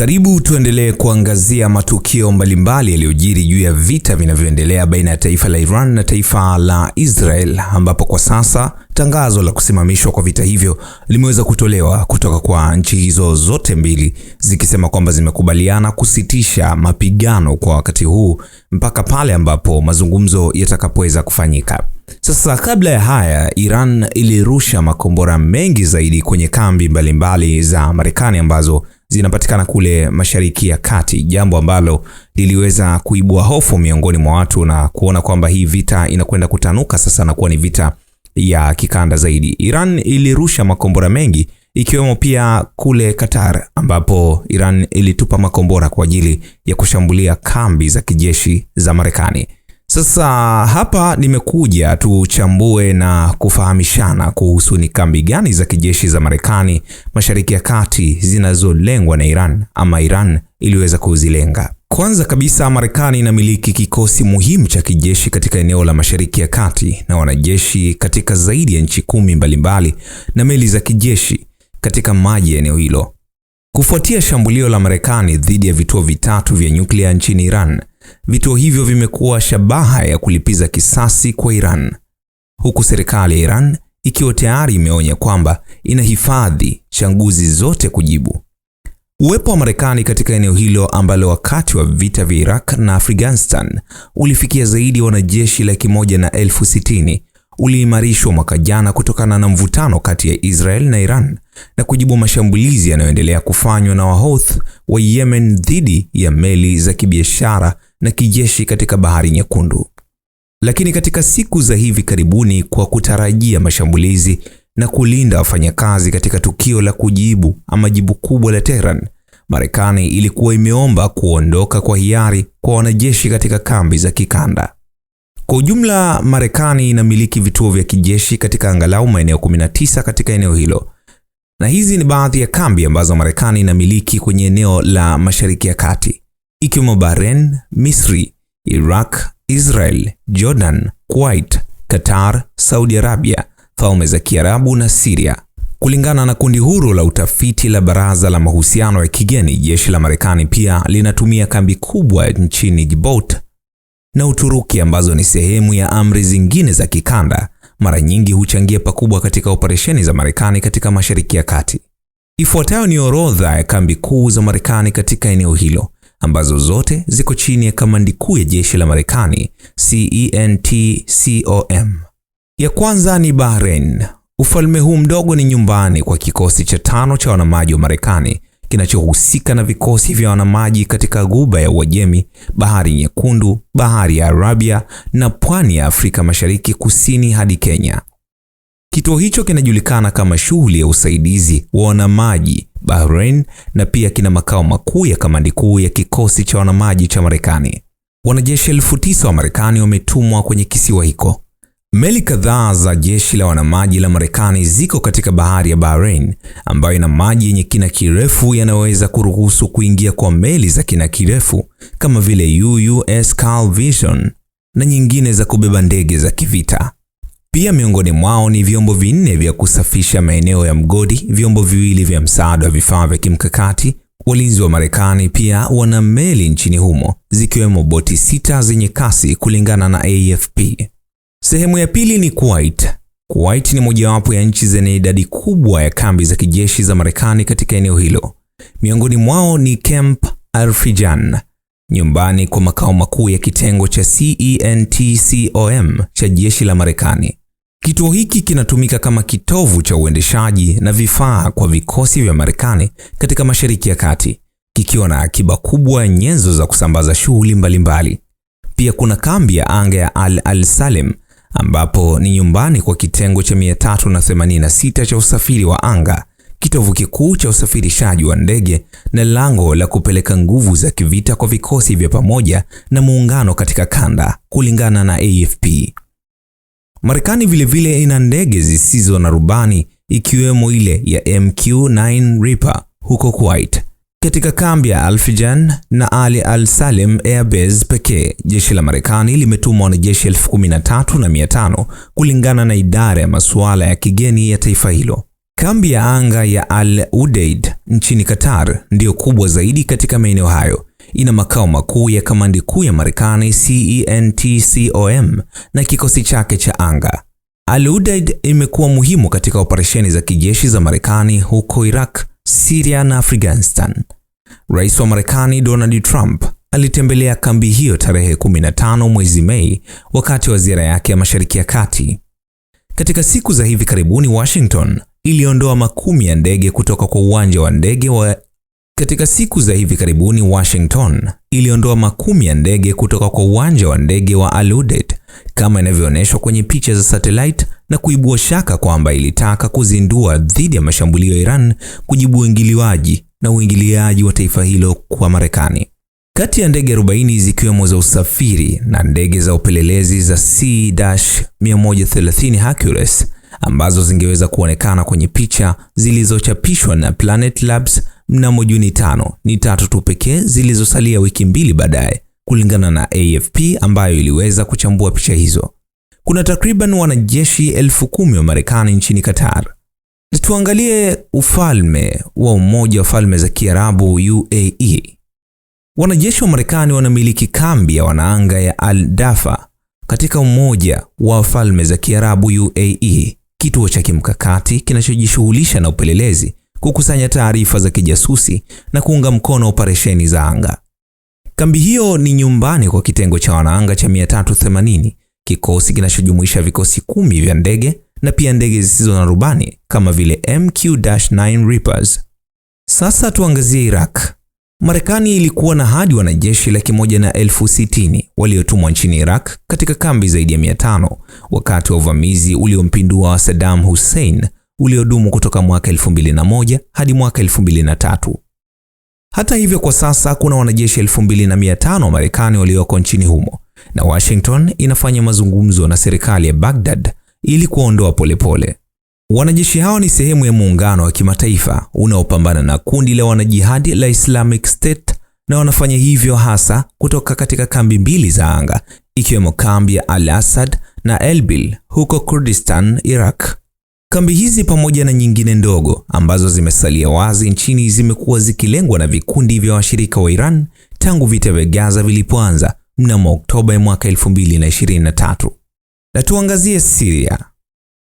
Karibu tuendelee kuangazia matukio mbalimbali yaliyojiri juu ya vita vinavyoendelea baina ya taifa la Iran na taifa la Israel ambapo kwa sasa tangazo la kusimamishwa kwa vita hivyo limeweza kutolewa kutoka kwa nchi hizo zote mbili zikisema kwamba zimekubaliana kusitisha mapigano kwa wakati huu mpaka pale ambapo mazungumzo yatakapoweza kufanyika. Sasa kabla ya haya, Iran ilirusha makombora mengi zaidi kwenye kambi mbalimbali mbali za Marekani ambazo zinapatikana kule Mashariki ya Kati, jambo ambalo liliweza kuibua hofu miongoni mwa watu na kuona kwamba hii vita inakwenda kutanuka sasa na kuwa ni vita ya kikanda zaidi. Iran ilirusha makombora mengi ikiwemo pia kule Qatar ambapo Iran ilitupa makombora kwa ajili ya kushambulia kambi za kijeshi za Marekani. Sasa hapa nimekuja tuchambue na kufahamishana kuhusu ni kambi gani za kijeshi za Marekani Mashariki ya Kati zinazolengwa na Iran ama Iran iliweza kuzilenga. Kwanza kabisa, Marekani inamiliki kikosi muhimu cha kijeshi katika eneo la Mashariki ya Kati na wanajeshi katika zaidi ya nchi kumi mbalimbali na meli za kijeshi katika maji ya eneo hilo. Kufuatia shambulio la Marekani dhidi ya vituo vitatu vya nyuklia nchini Iran, vituo hivyo vimekuwa shabaha ya kulipiza kisasi kwa Iran, huku serikali ya Iran ikiwa tayari imeonya kwamba inahifadhi changuzi zote kujibu. Uwepo wa Marekani katika eneo hilo ambalo wakati wa vita vya Iraq na Afghanistan ulifikia zaidi ya wanajeshi laki moja na elfu sitini uliimarishwa mwaka jana kutokana na mvutano kati ya Israel na Iran na kujibu mashambulizi yanayoendelea kufanywa na Wahouth wa Yemen dhidi ya meli za kibiashara na kijeshi katika Bahari Nyekundu. Lakini katika siku za hivi karibuni, kwa kutarajia mashambulizi na kulinda wafanyakazi katika tukio la kujibu ama jibu kubwa la Tehran, Marekani ilikuwa imeomba kuondoka kwa hiari kwa wanajeshi katika kambi za kikanda. Kwa ujumla, Marekani inamiliki vituo vya kijeshi katika angalau maeneo 19 katika eneo hilo na hizi ni baadhi ya kambi ambazo Marekani inamiliki kwenye eneo la Mashariki ya Kati, ikiwemo Bahrain, Misri, Iraq, Israel, Jordan, Kuwait, Qatar, Saudi Arabia, Falme za Kiarabu na Syria. Kulingana na kundi huru la utafiti la Baraza la Mahusiano ya Kigeni, jeshi la Marekani pia linatumia kambi kubwa nchini Djibouti na Uturuki ambazo ni sehemu ya amri zingine za kikanda mara nyingi huchangia pakubwa katika operesheni za Marekani katika Mashariki ya Kati. Ifuatayo ni orodha ya kambi kuu za Marekani katika eneo hilo ambazo zote ziko chini ya kamandi kuu ya jeshi la Marekani CENTCOM. Ya kwanza ni Bahrain. Ufalme huu mdogo ni nyumbani kwa kikosi cha tano cha wanamaji wa Marekani kinachohusika na vikosi vya wanamaji katika Ghuba ya Uajemi, Bahari Nyekundu, Bahari ya Arabia na pwani ya Afrika Mashariki kusini hadi Kenya. Kituo hicho kinajulikana kama shughuli ya usaidizi wa wanamaji Bahrain na pia kina makao makuu ya kamandi kuu ya kikosi cha wanamaji cha Marekani. Wanajeshi elfu tisa wa Marekani wametumwa kwenye kisiwa hiko. Meli kadhaa za jeshi la wanamaji la Marekani ziko katika bahari ya Bahrain ambayo ina maji yenye kina kirefu yanayoweza kuruhusu kuingia kwa meli za kina kirefu kama vile UUS Carl vision na nyingine za kubeba ndege za kivita. Pia miongoni mwao ni vyombo vinne vya kusafisha maeneo ya mgodi, vyombo viwili vya msaada wa vifaa vya kimkakati. Walinzi wa Marekani pia wana meli nchini humo zikiwemo boti sita zenye kasi kulingana na AFP. Sehemu ya pili ni Kuwait. Kuwait ni mojawapo ya nchi zenye idadi kubwa ya kambi za kijeshi za Marekani katika eneo hilo. Miongoni mwao ni Camp Arfijan, nyumbani kwa makao makuu ya kitengo cha CENTCOM cha jeshi la Marekani. Kituo hiki kinatumika kama kitovu cha uendeshaji na vifaa kwa vikosi vya Marekani katika Mashariki ya Kati, kikiwa na akiba kubwa ya nyenzo za kusambaza shughuli mbalimbali. Pia kuna kambi ya anga ya Al Al Salem ambapo ni nyumbani kwa kitengo cha 386 cha usafiri wa anga, kitovu kikuu cha usafirishaji wa ndege na lango la kupeleka nguvu za kivita kwa vikosi vya pamoja na muungano katika kanda, kulingana na AFP. Marekani vilevile ina ndege zisizo na rubani ikiwemo ile ya MQ-9 Reaper huko Kuwait katika kambi ya Alfijan na Ali al-Salim Air Base pekee, jeshi la Marekani limetuma wanajeshi elfu kulingana na idara ya masuala ya kigeni ya taifa hilo. Kambi ya anga ya Al Udeid nchini Qatar ndiyo kubwa zaidi katika maeneo hayo. Ina makao makuu ya kamandi kuu ya Marekani CENTCOM na kikosi chake cha anga. Al Udeid imekuwa muhimu katika operesheni za kijeshi za Marekani huko Iraq Syria na Afghanistan. Rais wa Marekani Donald Trump alitembelea kambi hiyo tarehe 15 mwezi Mei wakati wa ziara yake ya Mashariki ya Kati. Katika siku za hivi karibuni, Washington iliondoa makumi ya ndege kutoka kwa uwanja wa ndege wa katika siku za hivi karibuni Washington iliondoa makumi ya ndege kutoka kwa uwanja wa ndege wa Al Udeid kama inavyoonyeshwa kwenye picha za satellite na kuibua shaka kwamba ilitaka kuzindua dhidi ya mashambulio ya Iran kujibu uingiliwaji na uingiliaji wa taifa hilo kwa Marekani. Kati ya ndege 40 zikiwemo za usafiri na ndege za upelelezi za C-130 Hercules ambazo zingeweza kuonekana kwenye picha zilizochapishwa na Planet Labs mnamo Juni 5, ni tatu tu pekee zilizosalia wiki mbili baadaye kulingana na AFP ambayo iliweza kuchambua picha hizo. Kuna takriban wanajeshi elfu kumi wa Marekani nchini Qatar. Tuangalie ufalme wa Umoja wa Falme za Kiarabu UAE. Wanajeshi wa Marekani wanamiliki kambi ya wanaanga ya Al Dafa katika Umoja wa Falme za Kiarabu UAE, kituo cha kimkakati kinachojishughulisha na upelelezi, kukusanya taarifa za kijasusi na kuunga mkono operesheni za anga. Kambi hiyo ni nyumbani kwa kitengo cha wanaanga cha 380, kikosi kinachojumuisha vikosi kumi vya ndege na pia ndege zisizo na rubani kama vile MQ-9 Reapers. Sasa tuangazie Iraq. Marekani ilikuwa na hadi wanajeshi laki moja na elfu sitini waliotumwa nchini Iraq katika kambi zaidi ya 500 wakati wa uvamizi uliompindua Saddam Hussein uliodumu kutoka mwaka 2001 hadi mwaka 2003. Hata hivyo, kwa sasa kuna wanajeshi 2500 wa Marekani walioko nchini humo na Washington inafanya mazungumzo na serikali ya Baghdad ili kuondoa polepole. Wanajeshi hao ni sehemu ya muungano wa kimataifa unaopambana na kundi la wanajihadi la Islamic State na wanafanya hivyo hasa kutoka katika kambi mbili za anga ikiwemo kambi ya Al-Asad na Elbil huko Kurdistan, Iraq. Kambi hizi pamoja na nyingine ndogo ambazo zimesalia wazi nchini zimekuwa zikilengwa na vikundi vya washirika wa Iran tangu vita vya Gaza vilipoanza mnamo Oktoba mwaka 2023. Na tuangazie Syria.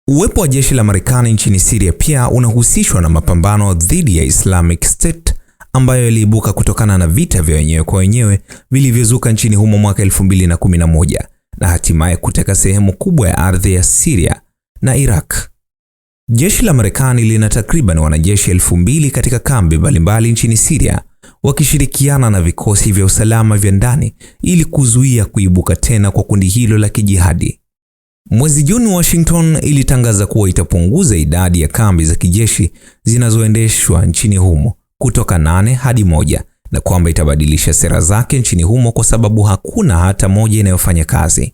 Uwepo wa jeshi la Marekani nchini Syria pia unahusishwa na mapambano dhidi ya Islamic State ambayo yaliibuka kutokana na vita vya wenyewe kwa wenyewe vilivyozuka nchini humo mwaka 2011 na hatimaye kuteka sehemu kubwa ya ardhi ya Syria na Iraq. Jeshi la Marekani lina takriban wanajeshi elfu mbili katika kambi mbalimbali nchini Syria wakishirikiana na vikosi vya usalama vya ndani ili kuzuia kuibuka tena kwa kundi hilo la kijihadi. Mwezi Juni, Washington ilitangaza kuwa itapunguza idadi ya kambi za kijeshi zinazoendeshwa nchini humo kutoka nane hadi moja na kwamba itabadilisha sera zake nchini humo kwa sababu hakuna hata moja inayofanya kazi.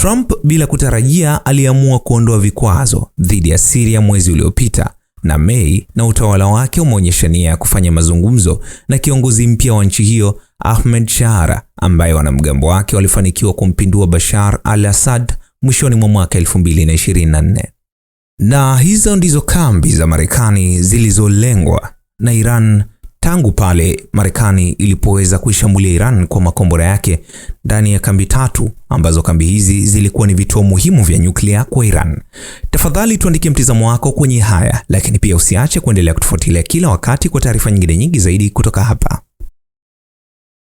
Trump bila kutarajia aliamua kuondoa vikwazo dhidi ya Syria mwezi uliopita, na Mei na utawala wake umeonyesha nia ya kufanya mazungumzo na kiongozi mpya wa nchi hiyo Ahmed Shara, ambaye wanamgambo wake walifanikiwa kumpindua Bashar al-Assad mwishoni mwa mwaka 2024. Na hizo ndizo kambi za Marekani zilizolengwa na Iran Tangu pale Marekani ilipoweza kuishambulia Iran kwa makombora yake ndani ya kambi tatu ambazo kambi hizi zilikuwa ni vituo muhimu vya nyuklia kwa Iran. Tafadhali tuandikie mtizamo wako kwenye haya, lakini pia usiache kuendelea kutufuatilia kila wakati kwa taarifa nyingine nyingi zaidi kutoka hapa.